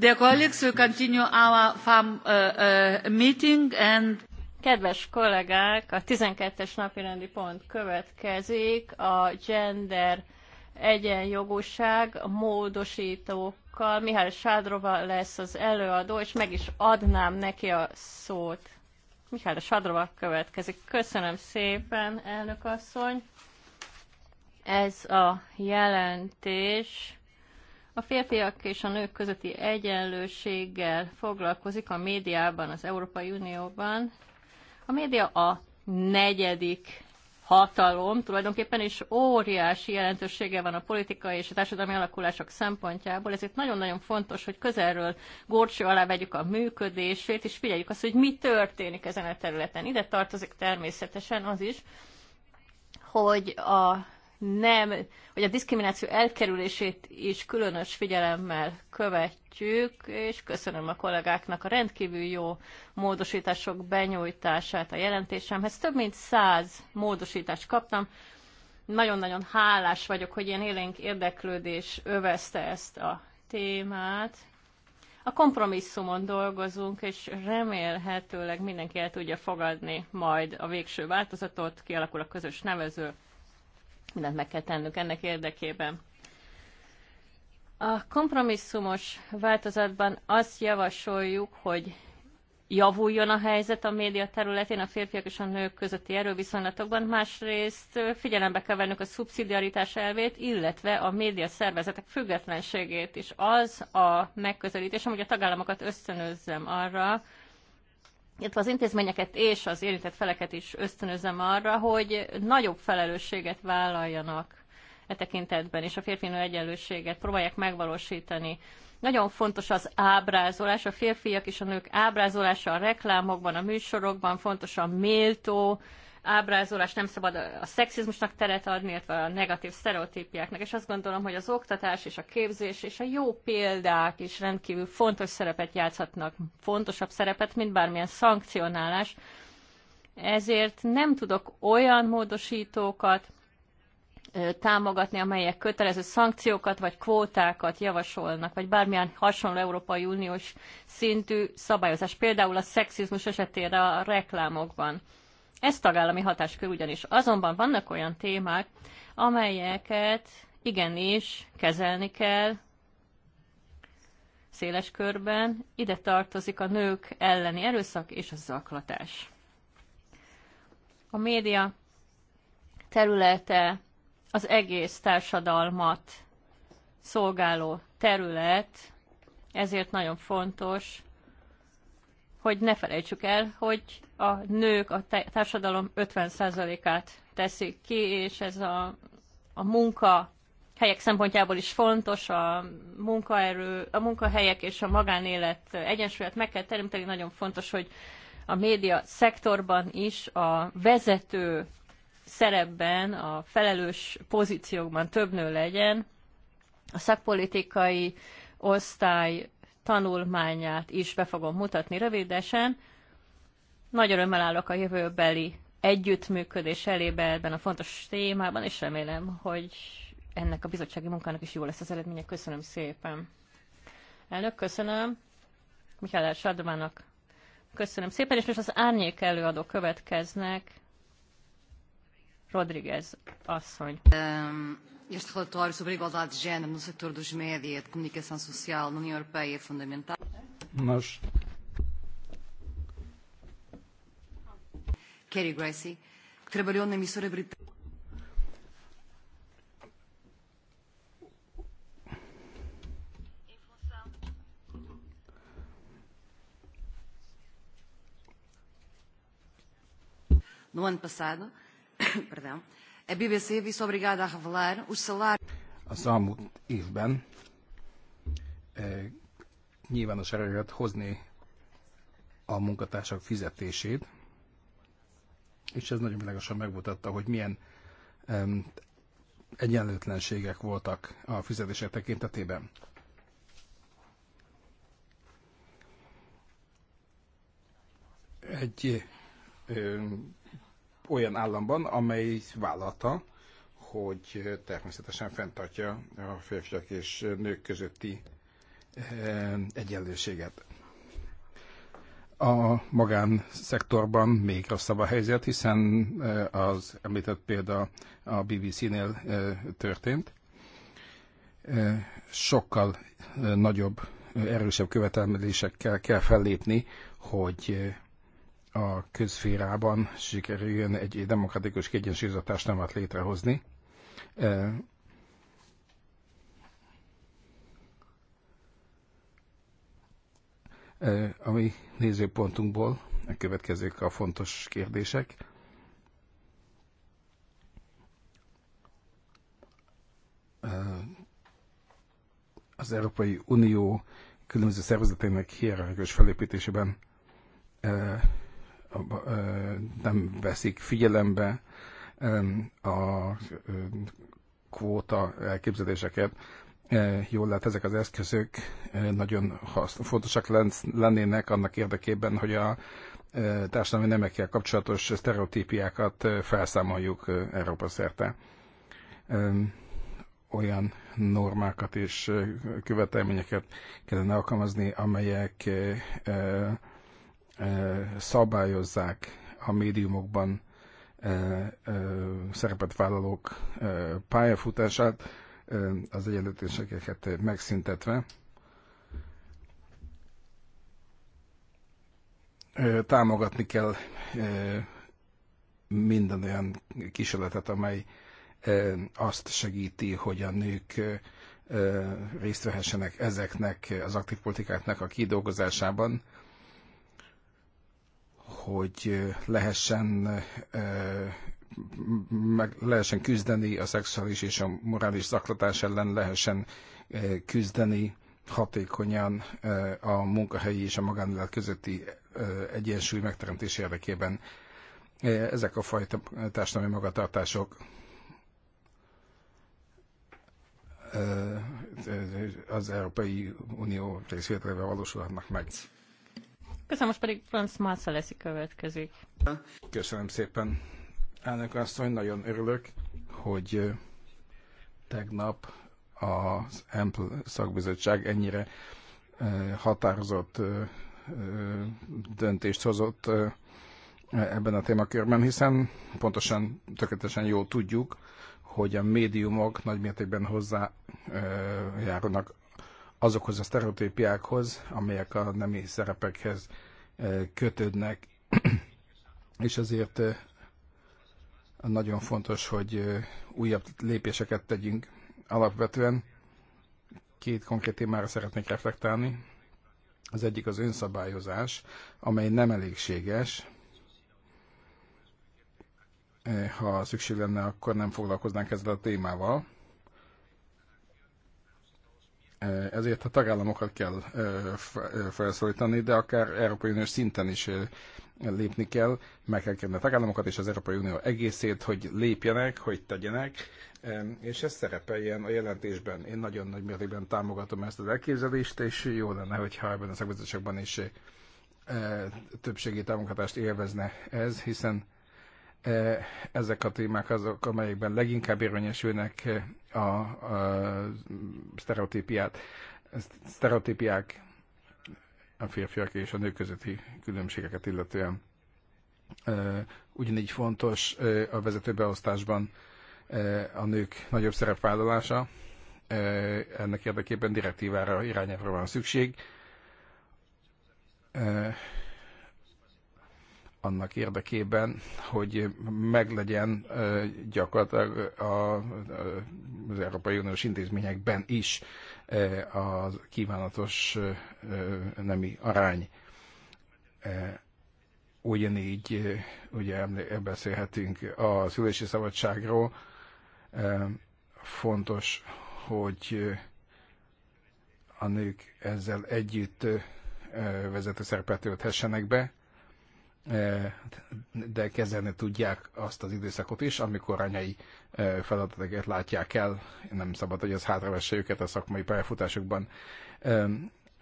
Uh, uh, Kedves kollégák, a 12-es napirendi pont következik, a gender egyenjogúság módosítókkal. Mihály Sádrova lesz az előadó, és meg is adnám neki a szót. Mihály Sádrova következik. Köszönöm szépen, elnök asszony. Ez a jelentés a férfiak és a nők közötti egyenlőséggel foglalkozik a médiában, az Európai Unióban. A média a negyedik hatalom tulajdonképpen, és óriási jelentősége van a politikai és a társadalmi alakulások szempontjából, ezért nagyon-nagyon fontos, hogy közelről górcső alá vegyük a működését, és figyeljük azt, hogy mi történik ezen a területen. Ide tartozik természetesen az is, hogy a nem, hogy a diszkrimináció elkerülését is különös figyelemmel követjük, és köszönöm a kollégáknak a rendkívül jó módosítások benyújtását a jelentésemhez. Több mint száz módosítást kaptam. Nagyon-nagyon hálás vagyok, hogy ilyen élénk érdeklődés övezte ezt a témát. A kompromisszumon dolgozunk, és remélhetőleg mindenki el tudja fogadni majd a végső változatot, kialakul a közös nevező mindent meg kell tennünk ennek érdekében. A kompromisszumos változatban azt javasoljuk, hogy javuljon a helyzet a média területén a férfiak és a nők közötti erőviszonylatokban, másrészt figyelembe kell vennünk a szubszidiaritás elvét, illetve a média szervezetek függetlenségét is. Az a megközelítés, amúgy a tagállamokat ösztönözzem arra, illetve az intézményeket és az érintett feleket is ösztönözem arra, hogy nagyobb felelősséget vállaljanak e tekintetben, és a férfinő egyenlőséget próbálják megvalósítani. Nagyon fontos az ábrázolás, a férfiak és a nők ábrázolása a reklámokban, a műsorokban, fontos a méltó ábrázolás, nem szabad a szexizmusnak teret adni, illetve a negatív sztereotípiáknak, és azt gondolom, hogy az oktatás és a képzés és a jó példák is rendkívül fontos szerepet játszhatnak, fontosabb szerepet, mint bármilyen szankcionálás. Ezért nem tudok olyan módosítókat támogatni, amelyek kötelező szankciókat vagy kvótákat javasolnak, vagy bármilyen hasonló Európai Uniós szintű szabályozás, például a szexizmus esetére a reklámokban. Ez tagállami hatáskör ugyanis. Azonban vannak olyan témák, amelyeket igenis kezelni kell széles körben. Ide tartozik a nők elleni erőszak és a zaklatás. A média területe az egész társadalmat szolgáló terület, ezért nagyon fontos, hogy ne felejtsük el, hogy a nők a társadalom 50%-át teszik ki, és ez a, a munka helyek szempontjából is fontos, a munkaerő, a munkahelyek és a magánélet egyensúlyát meg kell teremteni, nagyon fontos, hogy a média szektorban is a vezető szerepben, a felelős pozíciókban több nő legyen, a szakpolitikai osztály tanulmányát is be fogom mutatni rövidesen. Nagy örömmel állok a jövőbeli együttműködés elébe ebben a fontos témában, és remélem, hogy ennek a bizottsági munkának is jó lesz az eredménye. Köszönöm szépen. Elnök, köszönöm. Mikhail Sardomának köszönöm szépen, és most az árnyék előadó következnek. Rodriguez asszony. Um. Este relatório sobre a igualdade de género no setor dos médias e de comunicação social na União Europeia é fundamental. Nós. Kerry Gracie, que trabalhou na emissora britânica. No ano passado, perdão, a BBC visz a revelar Az elmúlt évben e, eh, nyilvános erőt hozni a munkatársak fizetését, és ez nagyon világosan megmutatta, hogy milyen e, egyenlőtlenségek voltak a fizetések tekintetében. Egy olyan államban, amely vállalta, hogy természetesen fenntartja a férfiak és nők közötti eh, egyenlőséget. A magánszektorban még rosszabb a helyzet, hiszen eh, az említett példa a BBC-nél eh, történt. Sokkal nagyobb, erősebb követelményekkel kell fellépni, hogy a közférában sikerüljön egy demokratikus kiegyensúlyozott társadalmat létrehozni. E, e, a mi nézőpontunkból a következők a fontos kérdések. E, az Európai Unió különböző szervezetének hierarchikus felépítésében nem veszik figyelembe a kvóta elképzeléseket. Jól lehet, ezek az eszközök nagyon fontosak lennének annak érdekében, hogy a társadalmi nemekkel kapcsolatos sztereotípiákat felszámoljuk Európa szerte. Olyan normákat és követelményeket kellene alkalmazni, amelyek szabályozzák a médiumokban szerepet vállalók pályafutását, az egyenlőtésekeket megszüntetve. Támogatni kell minden olyan kísérletet, amely azt segíti, hogy a nők részt vehessenek ezeknek az aktív politikáknak a kidolgozásában hogy lehessen meg lehessen küzdeni a szexuális és a morális zaklatás ellen, lehessen küzdeni hatékonyan a munkahelyi és a magánélet közötti egyensúly megteremtés érdekében. Ezek a fajta társadalmi magatartások az Európai Unió részvételével valósulhatnak meg. Köszönöm, most pedig Franz Marcelesi következik. Köszönöm szépen, elnök asszony, nagyon örülök, hogy tegnap az EMPL szakbizottság ennyire határozott döntést hozott ebben a témakörben, hiszen pontosan, tökéletesen jól tudjuk, hogy a médiumok nagymértékben hozzájárulnak azokhoz a sztereotípiákhoz, amelyek a nemi szerepekhez e, kötődnek, és ezért e, nagyon fontos, hogy e, újabb lépéseket tegyünk. Alapvetően két konkrét témára szeretnék reflektálni. Az egyik az önszabályozás, amely nem elégséges, ha szükség lenne, akkor nem foglalkoznánk ezzel a témával. Eh, ezért a tagállamokat kell eh, eh, felszólítani, de akár Európai Uniós szinten is lépni kell, meg kell kérni a tagállamokat és az Európai Unió egészét, hogy lépjenek, hogy tegyenek, és ez szerepeljen a jelentésben. Én nagyon nagy mértékben támogatom ezt az elképzelést, és jó lenne, hogyha ebben a szakbizottságban is többségi támogatást élvezne ez, hiszen E, ezek a témák azok, amelyekben leginkább érvényesülnek e, a, a sztereotípiát, sztereotípiák a férfiak és a nők közötti különbségeket illetően. E, ugyanígy fontos a vezetőbeosztásban a nők nagyobb szerepvállalása, ennek érdekében direktívára, irányára van szükség annak érdekében, hogy meglegyen gyakorlatilag az Európai Uniós intézményekben is a kívánatos nemi arány. Ugyanígy ugye beszélhetünk a szülési szabadságról. Fontos, hogy a nők ezzel együtt vezető szerepet tölthessenek be Eh, de kezelni tudják azt az időszakot is, amikor anyai eh, feladatokat látják el. Nem szabad, hogy az hátravesse őket a szakmai pályafutásokban.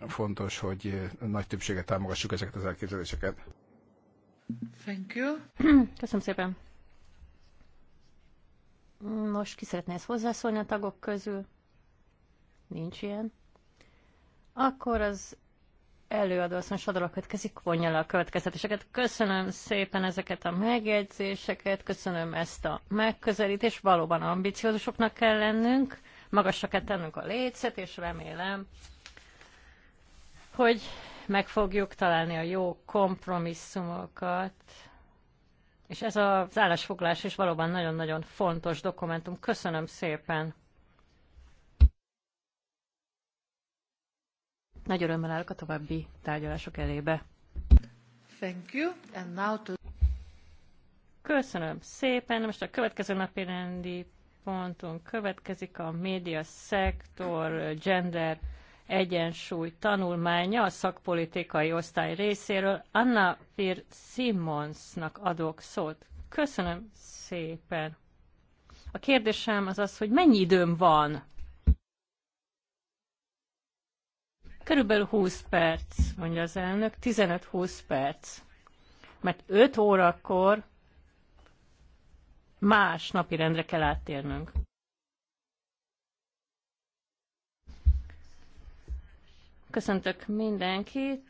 Fontos, hogy eh, nagy többséget támogassuk ezeket az elképzeléseket. Thank you. Köszönöm szépen. Nos, ki szeretné ezt hozzászólni a tagok közül? Nincs ilyen. Akkor az előadó, azt mondja, Sodorok következik, vonja le a következtetéseket. Köszönöm szépen ezeket a megjegyzéseket, köszönöm ezt a megközelítést, valóban ambiciózusoknak kell lennünk, magasra kell tennünk a lécet, és remélem, hogy meg fogjuk találni a jó kompromisszumokat. És ez az állásfoglás is valóban nagyon-nagyon fontos dokumentum. Köszönöm szépen! Nagy örömmel állok a további tárgyalások elébe. Thank you. And now to... Köszönöm szépen. Most a következő napi rendi pontunk következik a média szektor, gender, egyensúly tanulmánya a szakpolitikai osztály részéről. Anna Fir Simonsnak adok szót. Köszönöm szépen. A kérdésem az az, hogy mennyi időm van? Körülbelül 20 perc, mondja az elnök, 15-20 perc. Mert 5 órakor más napi rendre kell áttérnünk. Köszöntök mindenkit.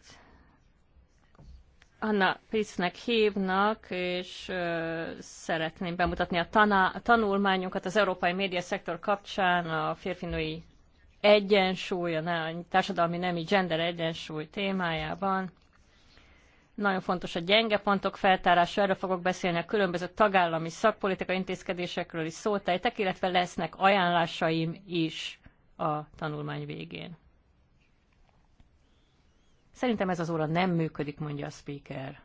Anna Pisznek hívnak, és ö, szeretném bemutatni a, taná- a tanulmányunkat az európai szektor kapcsán a férfinői egyensúly, a társadalmi nemi gender egyensúly témájában. Nagyon fontos a gyenge pontok feltárása, erről fogok beszélni a különböző tagállami szakpolitikai intézkedésekről is szótejtek, illetve lesznek ajánlásaim is a tanulmány végén. Szerintem ez az óra nem működik, mondja a speaker.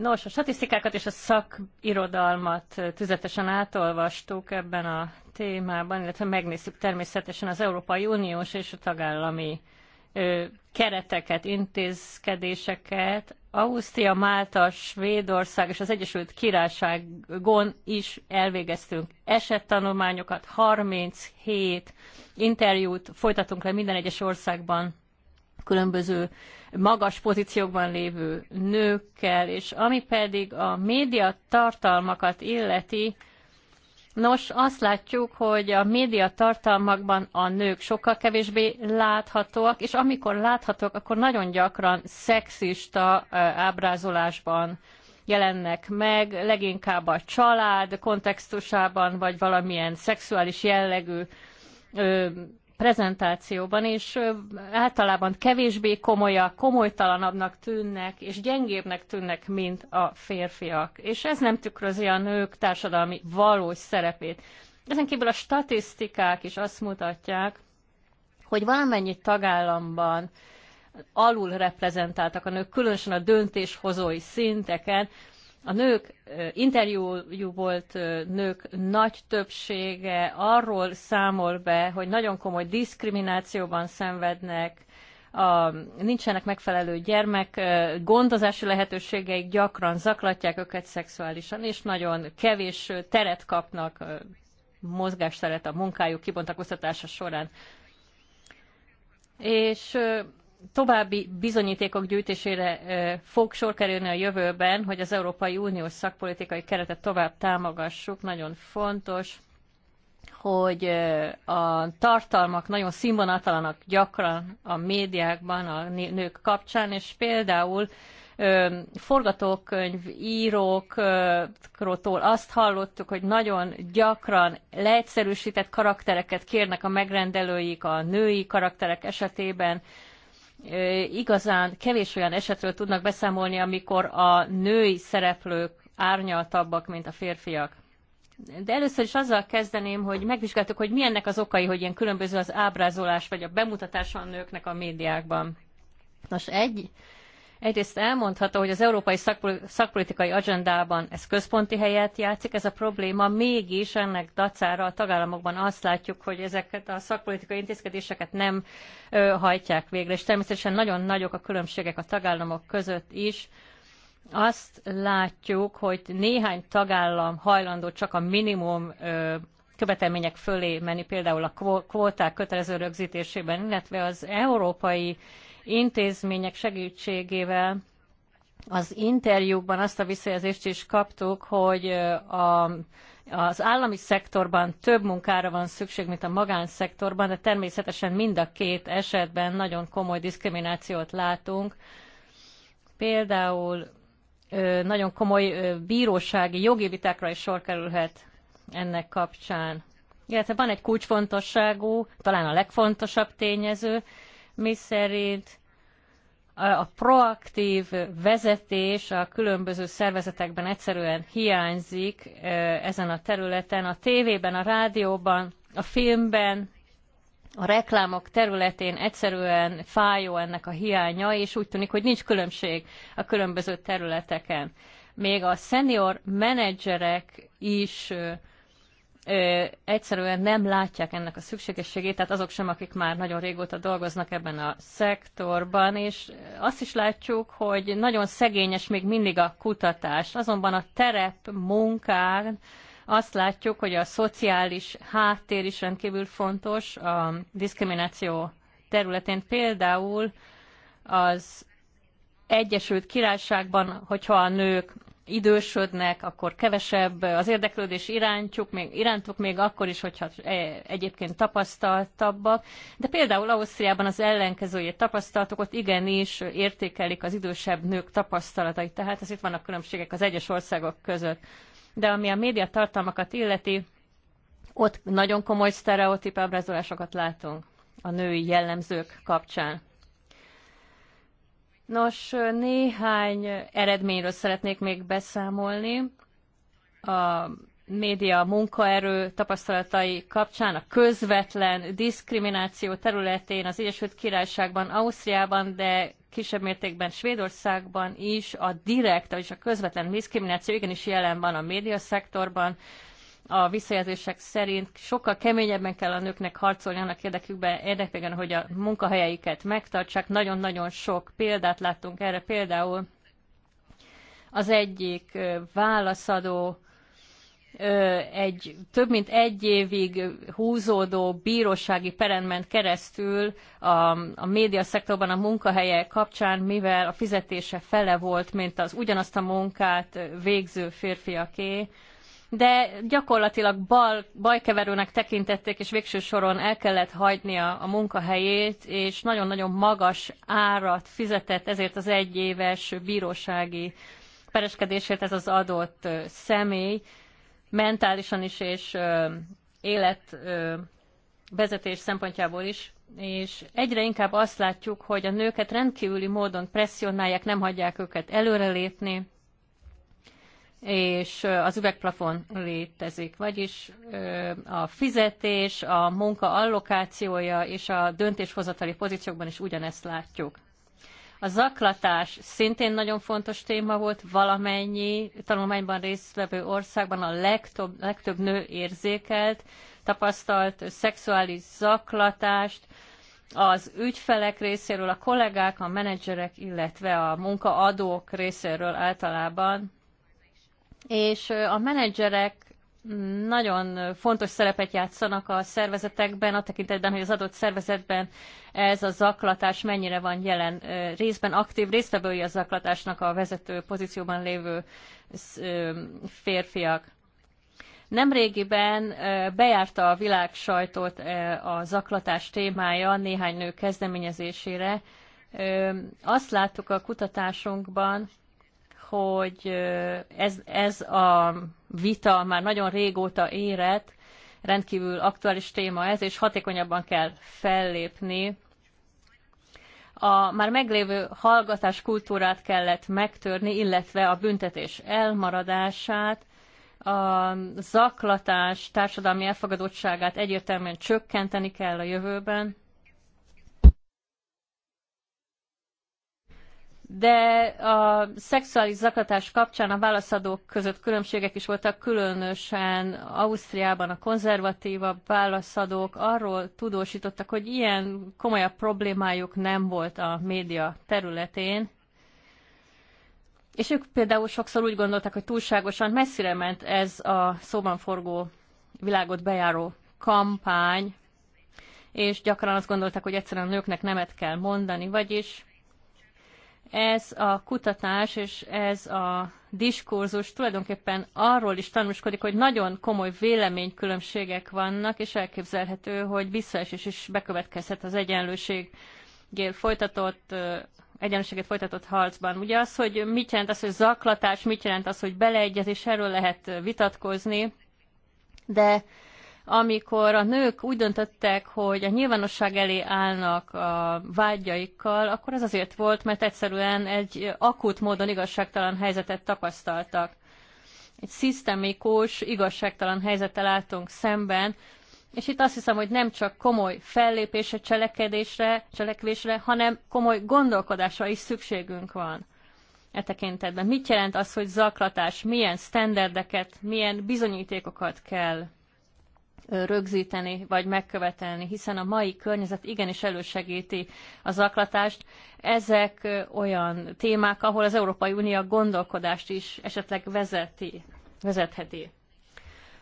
Nos, a statisztikákat és a szakirodalmat tüzetesen átolvastuk ebben a témában, illetve megnéztük természetesen az Európai Uniós és a tagállami ö, kereteket, intézkedéseket. Ausztria, Málta, Svédország és az Egyesült Királyságon is elvégeztünk esettanulmányokat, 37 interjút folytatunk le minden egyes országban különböző magas pozíciókban lévő nőkkel, és ami pedig a média tartalmakat illeti, Nos, azt látjuk, hogy a média tartalmakban a nők sokkal kevésbé láthatóak, és amikor láthatók, akkor nagyon gyakran szexista ábrázolásban jelennek meg, leginkább a család kontextusában, vagy valamilyen szexuális jellegű prezentációban, és általában kevésbé komolyak, komolytalanabbnak tűnnek, és gyengébbnek tűnnek, mint a férfiak. És ez nem tükrözi a nők társadalmi valós szerepét. Ezen kívül a statisztikák is azt mutatják, hogy valamennyi tagállamban alul reprezentáltak a nők, különösen a döntéshozói szinteken, a nők interjú volt nők nagy többsége arról számol be, hogy nagyon komoly diszkriminációban szenvednek, a, nincsenek megfelelő gyermek gondozási lehetőségeik, gyakran zaklatják őket szexuálisan, és nagyon kevés teret kapnak, mozgásteret a munkájuk kibontakoztatása során. És további bizonyítékok gyűjtésére fog sor kerülni a jövőben, hogy az Európai Uniós szakpolitikai keretet tovább támogassuk. Nagyon fontos, hogy a tartalmak nagyon színvonatalanak gyakran a médiákban, a nők kapcsán, és például forgatókönyvírókról azt hallottuk, hogy nagyon gyakran leegyszerűsített karaktereket kérnek a megrendelőik a női karakterek esetében, igazán kevés olyan esetről tudnak beszámolni, amikor a női szereplők árnyaltabbak, mint a férfiak. De először is azzal kezdeném, hogy megvizsgáltuk, hogy milyennek az okai, hogy ilyen különböző az ábrázolás vagy a bemutatása a nőknek a médiákban. Nos, egy Egyrészt elmondható, hogy az európai szakpolitikai agendában ez központi helyet játszik, ez a probléma, mégis ennek dacára a tagállamokban azt látjuk, hogy ezeket a szakpolitikai intézkedéseket nem ö, hajtják végre, és természetesen nagyon nagyok a különbségek a tagállamok között is. Azt látjuk, hogy néhány tagállam hajlandó csak a minimum ö, követelmények fölé menni, például a kvóták kötelező rögzítésében, illetve az európai intézmények segítségével az interjúkban azt a visszajelzést is kaptuk, hogy a, az állami szektorban több munkára van szükség, mint a magánszektorban, de természetesen mind a két esetben nagyon komoly diszkriminációt látunk. Például nagyon komoly bírósági, jogi vitákra is sor kerülhet ennek kapcsán. Illetve van egy kulcsfontosságú, talán a legfontosabb tényező, miszerint a proaktív vezetés a különböző szervezetekben egyszerűen hiányzik ezen a területen. A tévében, a rádióban, a filmben, a reklámok területén egyszerűen fájó ennek a hiánya, és úgy tűnik, hogy nincs különbség a különböző területeken. Még a senior menedzserek is egyszerűen nem látják ennek a szükségességét, tehát azok sem, akik már nagyon régóta dolgoznak ebben a szektorban, és azt is látjuk, hogy nagyon szegényes még mindig a kutatás, azonban a terep munkán azt látjuk, hogy a szociális háttér is rendkívül fontos a diszkrimináció területén. Például az Egyesült Királyságban, hogyha a nők idősödnek, akkor kevesebb az érdeklődés irántjuk, még, irántuk még akkor is, hogyha e, egyébként tapasztaltabbak. De például Ausztriában az ellenkezőjét tapasztaltuk, ott igenis értékelik az idősebb nők tapasztalatait, tehát ez itt vannak különbségek az egyes országok között. De ami a média tartalmakat illeti, ott nagyon komoly sztereotip ábrázolásokat látunk a női jellemzők kapcsán. Nos, néhány eredményről szeretnék még beszámolni. A média munkaerő tapasztalatai kapcsán a közvetlen diszkrimináció területén az Egyesült Királyságban, Ausztriában, de kisebb mértékben Svédországban is a direkt, vagyis a közvetlen diszkrimináció igenis jelen van a médiaszektorban a visszajelzések szerint sokkal keményebben kell a nőknek harcolni annak érdekükben, érdekében, hogy a munkahelyeiket megtartsák. Nagyon-nagyon sok példát láttunk erre. Például az egyik válaszadó egy több mint egy évig húzódó bírósági peren ment keresztül a, a szektorban a munkahelye kapcsán, mivel a fizetése fele volt, mint az ugyanazt a munkát végző férfiaké, de gyakorlatilag bal, bajkeverőnek tekintették, és végső soron el kellett hagynia a munkahelyét, és nagyon-nagyon magas árat fizetett ezért az egyéves bírósági pereskedésért ez az adott személy, mentálisan is és életvezetés szempontjából is, és egyre inkább azt látjuk, hogy a nőket rendkívüli módon presszionálják, nem hagyják őket előrelépni, és az üvegplafon létezik, vagyis a fizetés, a munka allokációja és a döntéshozatali pozíciókban is ugyanezt látjuk. A zaklatás szintén nagyon fontos téma volt, valamennyi tanulmányban résztvevő országban a legtöbb, legtöbb nő érzékelt, tapasztalt szexuális zaklatást, az ügyfelek részéről, a kollégák, a menedzserek, illetve a munkaadók részéről általában és a menedzserek nagyon fontos szerepet játszanak a szervezetekben, a tekintetben, hogy az adott szervezetben ez a zaklatás mennyire van jelen. Részben aktív résztvevői a zaklatásnak a vezető pozícióban lévő férfiak. Nemrégiben bejárta a világ sajtót a zaklatás témája néhány nő kezdeményezésére. Azt láttuk a kutatásunkban, hogy ez, ez a vita már nagyon régóta érett, rendkívül aktuális téma ez, és hatékonyabban kell fellépni. A már meglévő hallgatás kultúrát kellett megtörni, illetve a büntetés elmaradását, a zaklatás társadalmi elfogadottságát egyértelműen csökkenteni kell a jövőben, de a szexuális zaklatás kapcsán a válaszadók között különbségek is voltak, különösen Ausztriában a konzervatívabb válaszadók arról tudósítottak, hogy ilyen komolyabb problémájuk nem volt a média területén, és ők például sokszor úgy gondolták, hogy túlságosan messzire ment ez a szóban forgó világot bejáró kampány, és gyakran azt gondolták, hogy egyszerűen a nőknek nemet kell mondani, vagyis ez a kutatás és ez a diskurzus tulajdonképpen arról is tanúskodik, hogy nagyon komoly véleménykülönbségek vannak, és elképzelhető, hogy visszaesés is bekövetkezhet az egyenlőség folytatott egyenlőséget folytatott harcban. Ugye az, hogy mit jelent az, hogy zaklatás, mit jelent az, hogy beleegyezés, erről lehet vitatkozni, de amikor a nők úgy döntöttek, hogy a nyilvánosság elé állnak a vágyaikkal, akkor az azért volt, mert egyszerűen egy akut módon igazságtalan helyzetet tapasztaltak. Egy szisztemikus, igazságtalan helyzettel álltunk szemben, és itt azt hiszem, hogy nem csak komoly fellépésre, cselekedésre, cselekvésre, hanem komoly gondolkodásra is szükségünk van e tekintetben. Mit jelent az, hogy zaklatás, milyen sztenderdeket, milyen bizonyítékokat kell rögzíteni vagy megkövetelni, hiszen a mai környezet igenis elősegíti a zaklatást. Ezek olyan témák, ahol az Európai Unió gondolkodást is esetleg vezeti, vezetheti.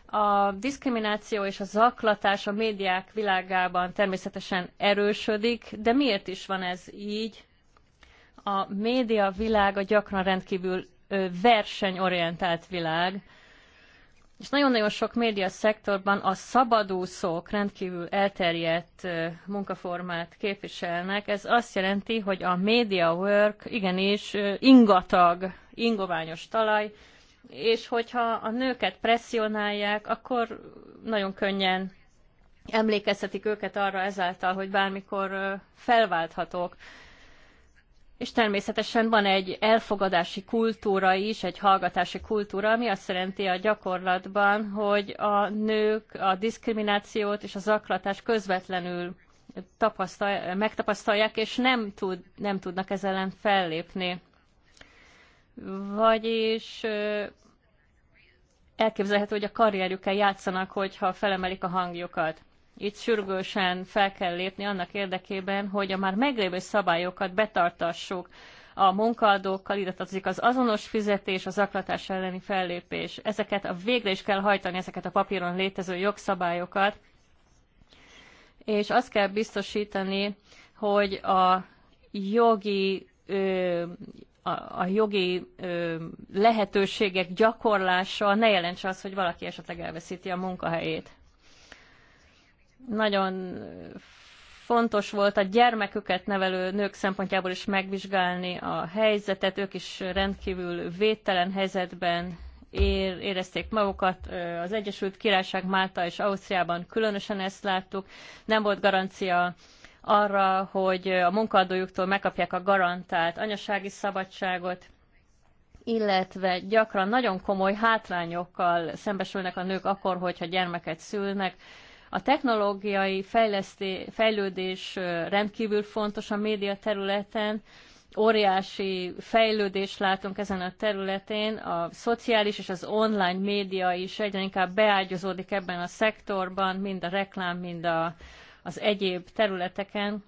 A diszkrimináció és a zaklatás a médiák világában természetesen erősödik, de miért is van ez így? A média világa gyakran rendkívül versenyorientált világ, és nagyon-nagyon sok média szektorban a szabadúszók rendkívül elterjedt munkaformát képviselnek. Ez azt jelenti, hogy a media work igenis ingatag, ingoványos talaj, és hogyha a nőket presszionálják, akkor nagyon könnyen emlékeztetik őket arra ezáltal, hogy bármikor felválthatók és természetesen van egy elfogadási kultúra is, egy hallgatási kultúra, ami azt jelenti a gyakorlatban, hogy a nők a diszkriminációt és a zaklatást közvetlenül tapasztal, megtapasztalják, és nem, tud, nem tudnak ezzel ellen fellépni. Vagyis elképzelhető, hogy a karrierjükkel játszanak, hogyha felemelik a hangjukat itt sürgősen fel kell lépni annak érdekében, hogy a már meglévő szabályokat betartassuk a munkaadókkal, illetve tartozik az azonos fizetés, az zaklatás elleni fellépés. Ezeket a végre is kell hajtani, ezeket a papíron létező jogszabályokat, és azt kell biztosítani, hogy a jogi ö, a, a jogi ö, lehetőségek gyakorlása ne jelentse azt, hogy valaki esetleg elveszíti a munkahelyét nagyon fontos volt a gyermeküket nevelő nők szempontjából is megvizsgálni a helyzetet. Ők is rendkívül védtelen helyzetben érezték magukat. Az Egyesült Királyság Málta és Ausztriában különösen ezt láttuk. Nem volt garancia arra, hogy a munkadójuktól megkapják a garantált anyasági szabadságot, illetve gyakran nagyon komoly hátrányokkal szembesülnek a nők akkor, hogyha gyermeket szülnek a technológiai fejlődés rendkívül fontos a média területen, óriási fejlődést látunk ezen a területén, a szociális és az online média is egyre inkább beágyazódik ebben a szektorban, mind a reklám, mind a, az egyéb területeken.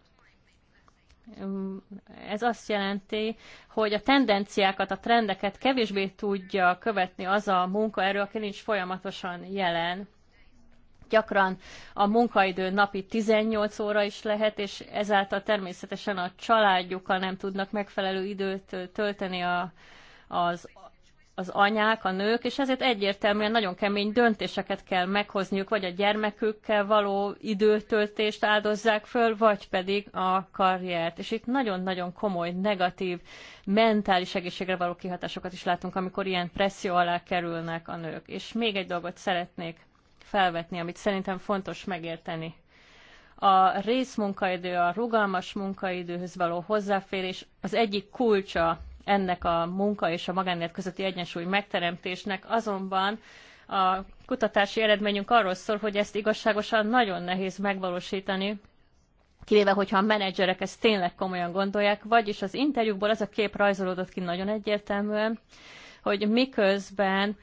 Ez azt jelenti, hogy a tendenciákat, a trendeket kevésbé tudja követni az a munkaerő, aki nincs folyamatosan jelen Gyakran a munkaidő napi 18 óra is lehet, és ezáltal természetesen a családjukkal nem tudnak megfelelő időt tölteni a, az az anyák, a nők, és ezért egyértelműen nagyon kemény döntéseket kell meghozniuk, vagy a gyermekükkel való időtöltést áldozzák föl, vagy pedig a karriert. És itt nagyon-nagyon komoly, negatív, mentális egészségre való kihatásokat is látunk, amikor ilyen presszió alá kerülnek a nők. És még egy dolgot szeretnék felvetni, amit szerintem fontos megérteni. A részmunkaidő, a rugalmas munkaidőhöz való hozzáférés az egyik kulcsa ennek a munka és a magánélet közötti egyensúly megteremtésnek, azonban a kutatási eredményünk arról szól, hogy ezt igazságosan nagyon nehéz megvalósítani, kivéve, hogyha a menedzserek ezt tényleg komolyan gondolják, vagyis az interjúkból az a kép rajzolódott ki nagyon egyértelműen, hogy miközben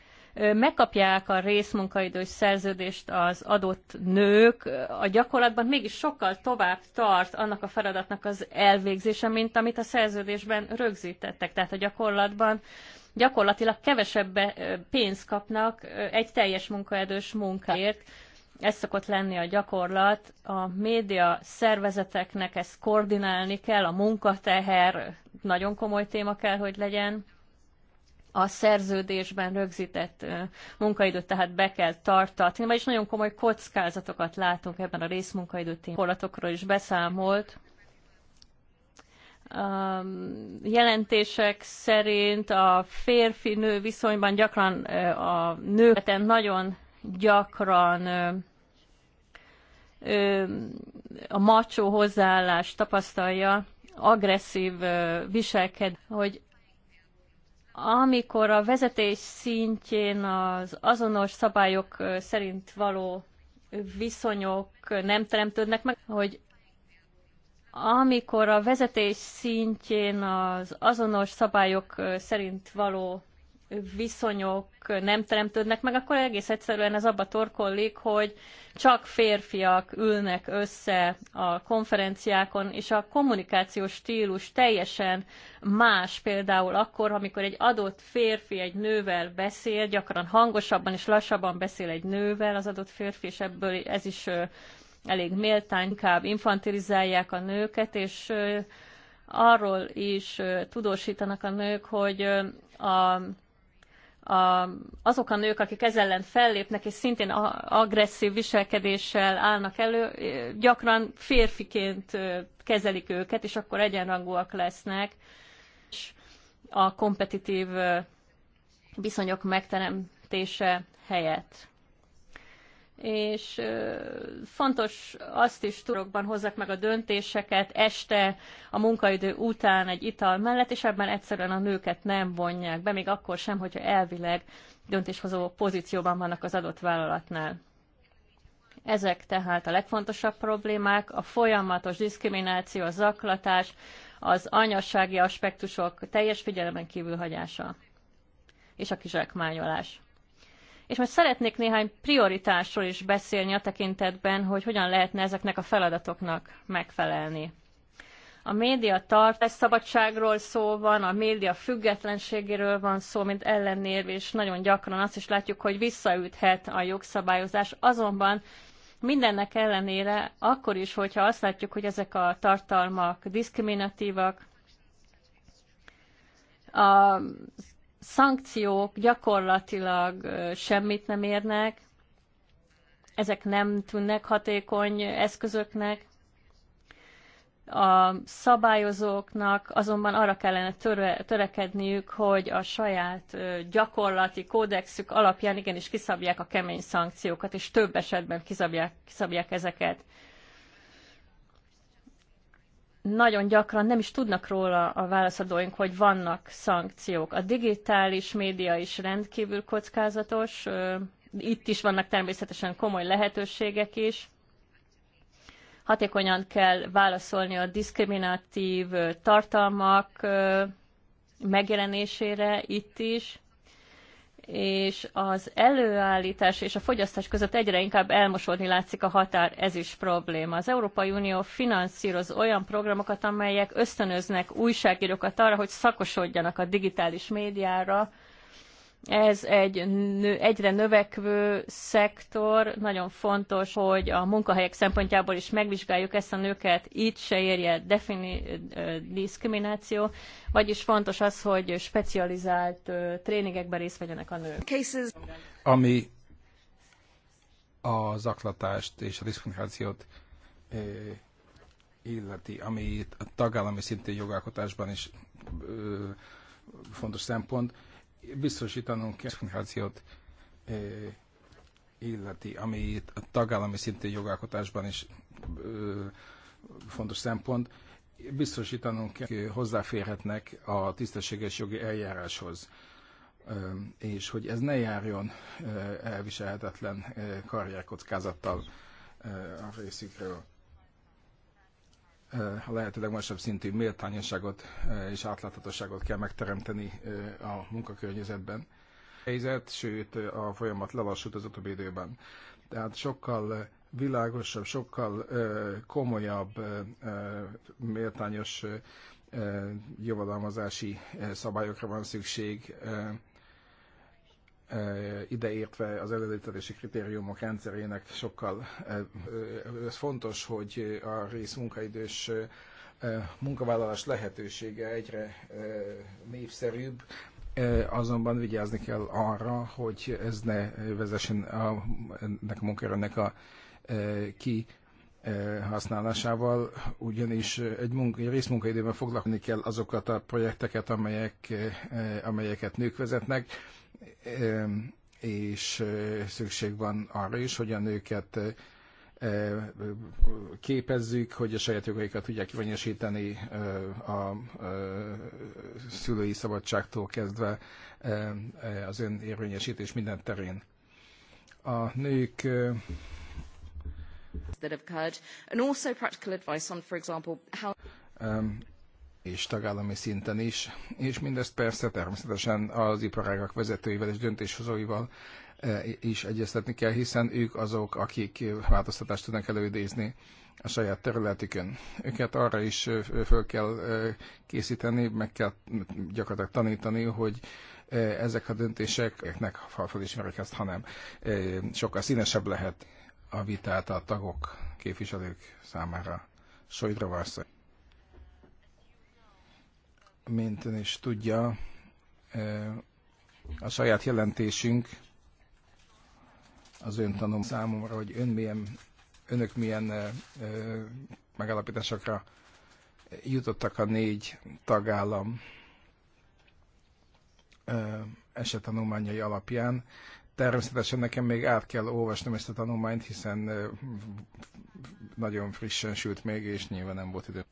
megkapják a részmunkaidős szerződést az adott nők, a gyakorlatban mégis sokkal tovább tart annak a feladatnak az elvégzése, mint amit a szerződésben rögzítettek. Tehát a gyakorlatban gyakorlatilag kevesebb pénzt kapnak egy teljes munkaidős munkáért, ez szokott lenni a gyakorlat. A média szervezeteknek ezt koordinálni kell, a munkateher nagyon komoly téma kell, hogy legyen a szerződésben rögzített munkaidőt tehát be kell tartatni, vagyis nagyon komoly kockázatokat látunk ebben a részmunkaidő is beszámolt. A jelentések szerint a férfi-nő viszonyban gyakran a nőketen nagyon gyakran a macsó hozzáállás tapasztalja, agresszív viselked, hogy amikor a vezetés szintjén az azonos szabályok szerint való viszonyok nem teremtődnek meg, hogy amikor a vezetés szintjén az azonos szabályok szerint való viszonyok nem teremtődnek meg, akkor egész egyszerűen ez abba torkollik, hogy csak férfiak ülnek össze a konferenciákon, és a kommunikációs stílus teljesen más például akkor, amikor egy adott férfi egy nővel beszél, gyakran hangosabban és lassabban beszél egy nővel az adott férfi, és ebből ez is elég méltány, inkább infantilizálják a nőket, és arról is tudósítanak a nők, hogy a a, azok a nők, akik ezzel ellen fellépnek, és szintén agresszív viselkedéssel állnak elő, gyakran férfiként kezelik őket, és akkor egyenrangúak lesznek, és a kompetitív viszonyok megteremtése helyett és fontos azt is turokban hozzak meg a döntéseket este a munkaidő után egy ital mellett, és ebben egyszerűen a nőket nem vonják be, még akkor sem, hogyha elvileg döntéshozó pozícióban vannak az adott vállalatnál. Ezek tehát a legfontosabb problémák, a folyamatos diszkrimináció, a zaklatás, az anyassági aspektusok teljes figyelemen kívülhagyása és a kizsákmányolás és most szeretnék néhány prioritásról is beszélni a tekintetben, hogy hogyan lehetne ezeknek a feladatoknak megfelelni. A média tartás szabadságról szó van, a média függetlenségéről van szó, mint ellenérv, és nagyon gyakran azt is látjuk, hogy visszaüthet a jogszabályozás. Azonban mindennek ellenére, akkor is, hogyha azt látjuk, hogy ezek a tartalmak diszkriminatívak, a szankciók gyakorlatilag semmit nem érnek, ezek nem tűnnek hatékony eszközöknek. A szabályozóknak azonban arra kellene töre, törekedniük, hogy a saját gyakorlati kódexük alapján igenis kiszabják a kemény szankciókat, és több esetben kiszabják, kiszabják ezeket nagyon gyakran nem is tudnak róla a válaszadóink, hogy vannak szankciók. A digitális média is rendkívül kockázatos, itt is vannak természetesen komoly lehetőségek is. Hatékonyan kell válaszolni a diszkriminatív tartalmak megjelenésére itt is és az előállítás és a fogyasztás között egyre inkább elmosódni látszik a határ, ez is probléma. Az Európai Unió finanszíroz olyan programokat, amelyek ösztönöznek újságírókat arra, hogy szakosodjanak a digitális médiára, ez egy egyre növekvő szektor, nagyon fontos, hogy a munkahelyek szempontjából is megvizsgáljuk ezt a nőket, itt se érje defini- diszkrimináció, vagyis fontos az, hogy specializált tréningekben részt vegyenek a nők. Cases. Ami a zaklatást és a diszkriminációt illeti, ami a tagállami szintű jogalkotásban is fontos szempont, biztosítanunk kell kommunikációt illeti, ami a tagállami szintű jogalkotásban is fontos szempont. Biztosítanunk kell, hozzáférhetnek a tisztességes jogi eljáráshoz és hogy ez ne járjon elviselhetetlen karrierkockázattal a részükről a lehető legmagasabb szintű méltányosságot és átláthatóságot kell megteremteni a munkakörnyezetben. Helyzet, sőt a folyamat lelassult az utóbbi időben. Tehát sokkal világosabb, sokkal komolyabb, méltányos javadalmazási szabályokra van szükség ideértve az előzetelési kritériumok rendszerének sokkal, ez fontos, hogy a rész munkaidős munkavállalás lehetősége egyre népszerűbb, azonban vigyázni kell arra, hogy ez ne vezessen a, ennek a munkerőnek a ki használásával, ugyanis egy, munka, egy részmunkaidőben foglalkozni kell azokat a projekteket, amelyek, amelyeket nők vezetnek, és szükség van arra is, hogy a nőket képezzük, hogy a saját jogaikat tudják kivonyosítani a szülői szabadságtól kezdve az önérvényesítés minden terén. A nők that have occurred, and also practical advice on, for example, how és tagállami szinten is, és mindezt persze természetesen az iparágak vezetőivel és döntéshozóival e, is egyeztetni kell, hiszen ők azok, akik változtatást tudnak előidézni a saját területükön. Őket arra is föl kell készíteni, meg kell gyakorlatilag tanítani, hogy ezek a döntéseknek, ha felismerik ezt, hanem sokkal színesebb lehet a vitát a tagok, képviselők számára. Sojdra Varszai mint ön is tudja, a saját jelentésünk az öntanom számomra, hogy ön milyen, önök milyen megállapításokra jutottak a négy tagállam esettanulmányai alapján. Természetesen nekem még át kell olvasnom ezt a tanulmányt, hiszen nagyon frissen sült még, és nyilván nem volt idő.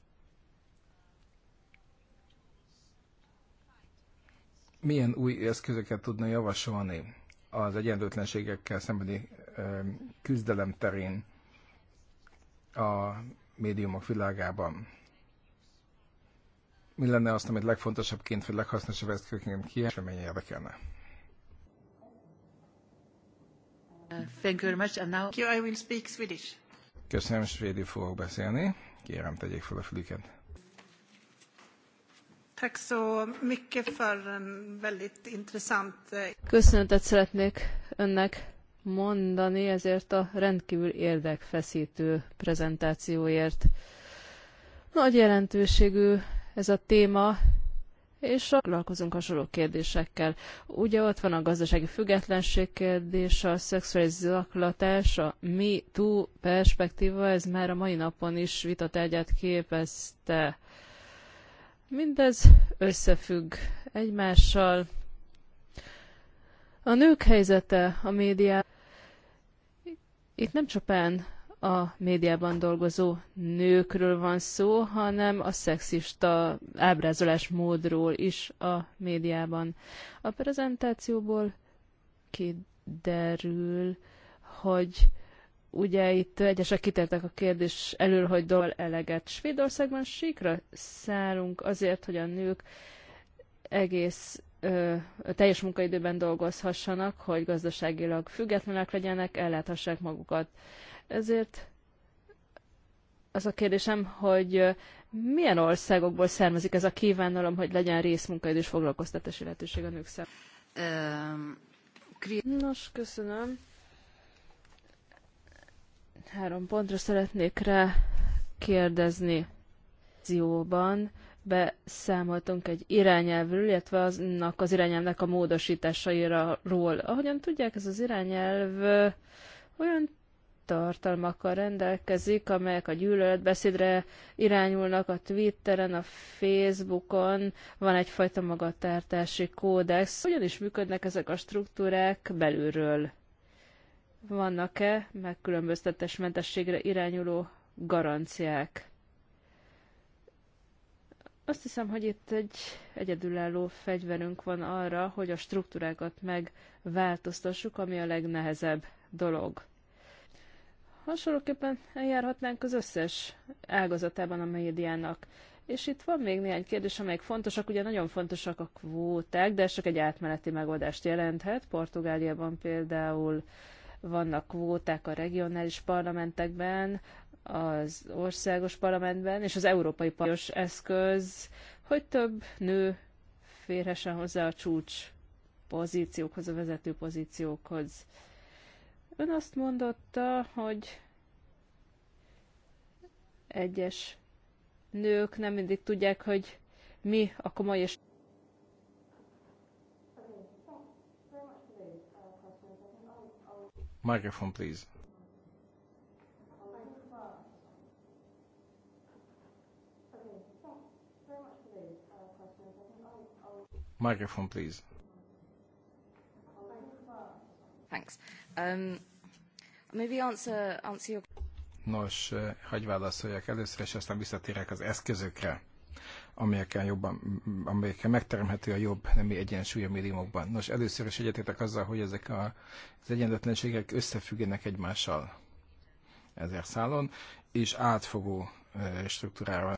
milyen új eszközöket tudna javasolni az egyenlőtlenségekkel szembeni küzdelem terén a médiumok világában? Mi lenne azt, amit legfontosabbként vagy leghasznosabb eszközként kieseménye érdekelne? Uh, thank you very much, and now I will speak Swedish. Köszönöm, svédül fogok beszélni. Kérem, tegyék fel a fülüket. Tack så mycket för en väldigt intressant... Eh, Köszönetet szeretnék önnek mondani ezért a rendkívül érdekfeszítő prezentációért. Nagy jelentőségű ez a téma, és foglalkozunk hasonló kérdésekkel. Ugye ott van a gazdasági függetlenség kérdése, a szexuális zaklatás, a me too perspektíva, ez már a mai napon is vitatárgyát képezte. Mindez összefügg egymással. A nők helyzete a médiá. Itt nem csupán a médiában dolgozó nőkről van szó, hanem a szexista módról is a médiában. A prezentációból kiderül, hogy ugye itt egyesek kitértek a kérdés elől, hogy dol eleget. Svédországban síkra szállunk azért, hogy a nők egész ö, teljes munkaidőben dolgozhassanak, hogy gazdaságilag függetlenek legyenek, elláthassák magukat. Ezért az a kérdésem, hogy milyen országokból származik ez a kívánalom, hogy legyen részmunkaidős foglalkoztatási lehetőség a nők számára? Nos, köszönöm. Három pontra szeretnék rá kérdezni. Zióban beszámoltunk egy irányelvről, illetve aznak az irányelvnek a módosításairól. Ahogyan tudják, ez az irányelv olyan tartalmakkal rendelkezik, amelyek a gyűlöletbeszédre irányulnak a Twitteren, a Facebookon, van egyfajta magatartási kódex. Hogyan is működnek ezek a struktúrák belülről? vannak-e megkülönböztetésmentességre irányuló garanciák. Azt hiszem, hogy itt egy egyedülálló fegyverünk van arra, hogy a struktúrákat megváltoztassuk, ami a legnehezebb dolog. Hasonlóképpen eljárhatnánk az összes ágazatában a médiának. És itt van még néhány kérdés, amelyek fontosak. Ugye nagyon fontosak a kvóták, de ez csak egy átmeneti megoldást jelenthet. Portugáliában például vannak kvóták a regionális parlamentekben, az országos parlamentben, és az európai parlamentos eszköz, hogy több nő férhessen hozzá a csúcs pozíciókhoz, a vezető pozíciókhoz. Ön azt mondotta, hogy egyes nők nem mindig tudják, hogy mi a komoly és Microphone, please. Microphone, please. Thanks. Um, maybe answer, answer your... Nos, eh, hagyj válaszoljak először, és aztán visszatérek az eszközökre amelyeken jobban, amelyeken megteremhető a jobb nemi egyensúly a médiumokban. Nos, először is egyetetek azzal, hogy ezek a, az egyenlőtlenségek összefüggenek egymással ezer szálon, és átfogó struktúrával